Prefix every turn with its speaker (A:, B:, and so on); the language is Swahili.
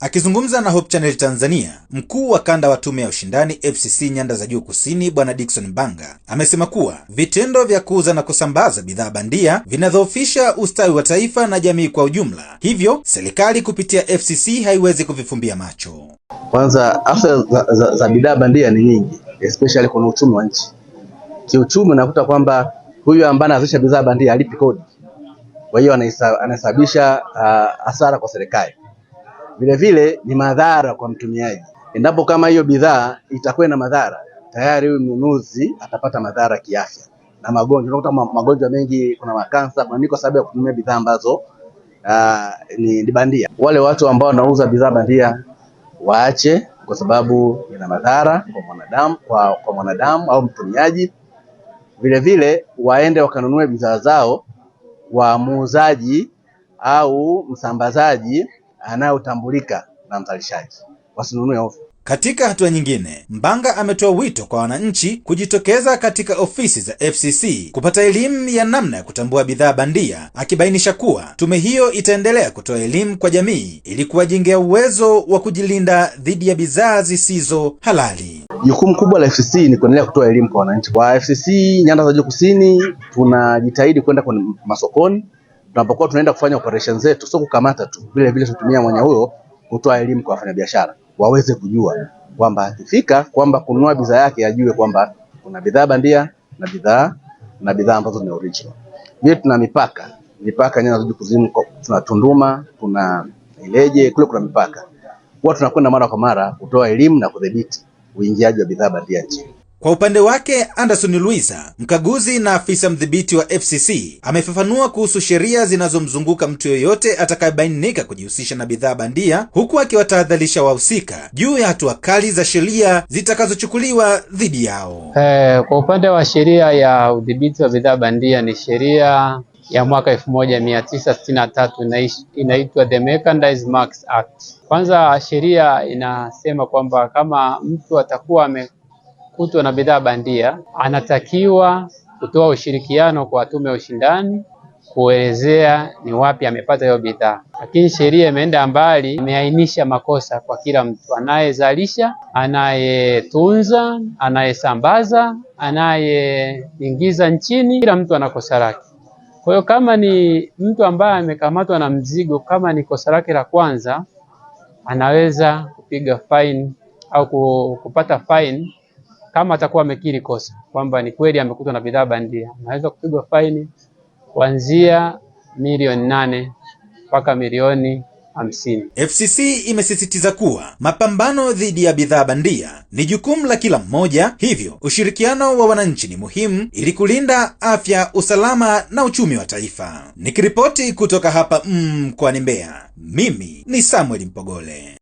A: Akizungumza na Hope Channel Tanzania, mkuu wa kanda wa tume ya ushindani FCC nyanda za juu kusini bwana Dickson Mbanga amesema kuwa vitendo vya kuuza na kusambaza bidhaa bandia vinadhoofisha ustawi wa taifa na jamii kwa ujumla, hivyo serikali kupitia FCC haiwezi kuvifumbia macho.
B: Kwanza afya za, za, za bidhaa bandia ni nyingi, especially kwenye uchumi wa nchi. Kiuchumi unakuta kwamba huyu ambaye anazalisha bidhaa bandia alipi kodi, kwa hiyo anasababisha ah, hasara uh, kwa serikali Vilevile ni madhara kwa mtumiaji, endapo kama hiyo bidhaa itakuwa na madhara, tayari huyu mnunuzi atapata madhara kiafya na magonjwa. Unakuta magonjwa mengi, kuna makansa, kuna niko kwa sababu ya kutumia bidhaa ambazo Uh, ni, ni bandia. Wale watu ambao wanauza bidhaa bandia waache, kwa sababu ina madhara kwa mwanadamu, kwa, kwa mwanadamu au mtumiaji. Vilevile waende wakanunue bidhaa zao wa muuzaji au msambazaji anayotambulika na mzalishaji, wasinunue ovyo.
A: Katika hatua nyingine, Mbanga ametoa wito kwa wananchi kujitokeza katika ofisi za FCC kupata elimu ya namna ya kutambua bidhaa bandia, akibainisha kuwa tume hiyo itaendelea kutoa elimu kwa jamii ili kuwajengea uwezo wa kujilinda dhidi ya bidhaa zisizo halali.
B: Jukumu kubwa la FCC ni kuendelea kutoa elimu kwa wananchi. Kwa FCC nyanda za juu kusini, tunajitahidi kwenda kwenye masokoni tunapokuwa tunaenda kufanya operation zetu, sio kukamata tu, vile vile tutumia mwanya huo kutoa elimu kwa wafanyabiashara waweze kujua kwamba akifika kwamba kununua bidhaa yake ajue kwamba kuna bidhaa bandia na bidhaa na bidhaa ambazo ni original. Je, tuna mipaka mipaka nyenye nyingi kuzimu, tuna Tunduma, tuna Ileje, kule kuna mipaka. Huwa tunakwenda mara kwa mara kutoa elimu na kudhibiti uingiaji wa bidhaa bandia nchini.
A: Kwa upande wake Anderson Luisa, mkaguzi na afisa mdhibiti wa FCC, amefafanua kuhusu sheria zinazomzunguka mtu yoyote atakayebainika kujihusisha na bidhaa bandia, huku akiwatahadharisha wahusika juu ya hatua kali za sheria zitakazochukuliwa dhidi yao.
C: Eh, kwa upande wa sheria ya udhibiti wa bidhaa bandia ni sheria ya mwaka 1963 inaitwa The Merchandise Marks Act. Kwanza sheria inasema kwamba kama mtu atakuwa ame kutwa na bidhaa bandia, anatakiwa kutoa ushirikiano kwa tume ya ushindani kuelezea ni wapi amepata hiyo bidhaa. Lakini sheria imeenda mbali, imeainisha makosa kwa kila mtu anayezalisha, anayetunza, anayesambaza, anayeingiza nchini, kila mtu ana kosa lake. Kwa hiyo kama ni mtu ambaye amekamatwa na mzigo, kama ni kosa lake la kwanza, anaweza kupiga faini au kupata faini kama atakuwa amekiri kosa kwamba ni kweli amekutwa na bidhaa bandia, anaweza kupigwa faini kuanzia milioni nane mpaka milioni hamsini.
A: FCC imesisitiza kuwa mapambano dhidi ya bidhaa bandia ni jukumu la kila mmoja, hivyo ushirikiano wa wananchi ni muhimu ili kulinda afya, usalama na uchumi wa taifa. Nikiripoti kutoka hapa mm, mkoani Mbeya, mimi ni Samuel Mpogole.